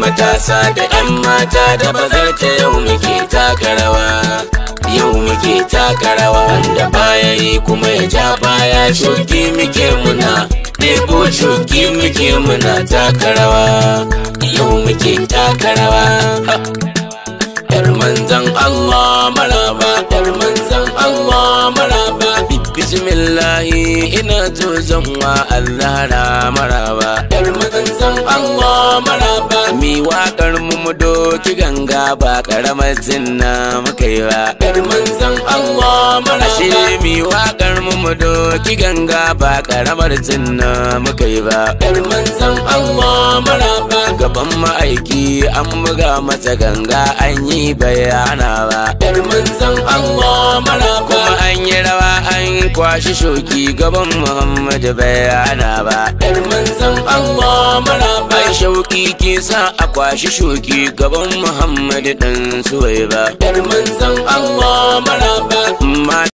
matasa da 'yan mata da bazarta yau muke taka rawa yau muke taka rawa wanda baya yi kuma ya ja baya shuki muke muna ɗebo shuki muke muna taka rawa yau muke taka rawa yar manzan Allah maraba yar manzan Allah maraba bismillahi ina zo zan wa Allah maraba yar manzan Allah maraba wakar waƙar mu doki ganga ba ƙaramar zinna muka yi ba. Ƙarmin zan Allah mara Ashe mi waƙar mu doki ganga ba ƙaramar zinna muka yi ba. Ƙarmin zan Allah mara Gaban ma'aiki an buga mata ganga an yi bayana ba. Ƙarmin zan Allah mara Kuma an yi rawa an kwashi shoki gaban Muhammadu bayana ba. sauki ke sa a kwashi shoki gaban Muhammad dan Suwaiba. Yar manzon Allah.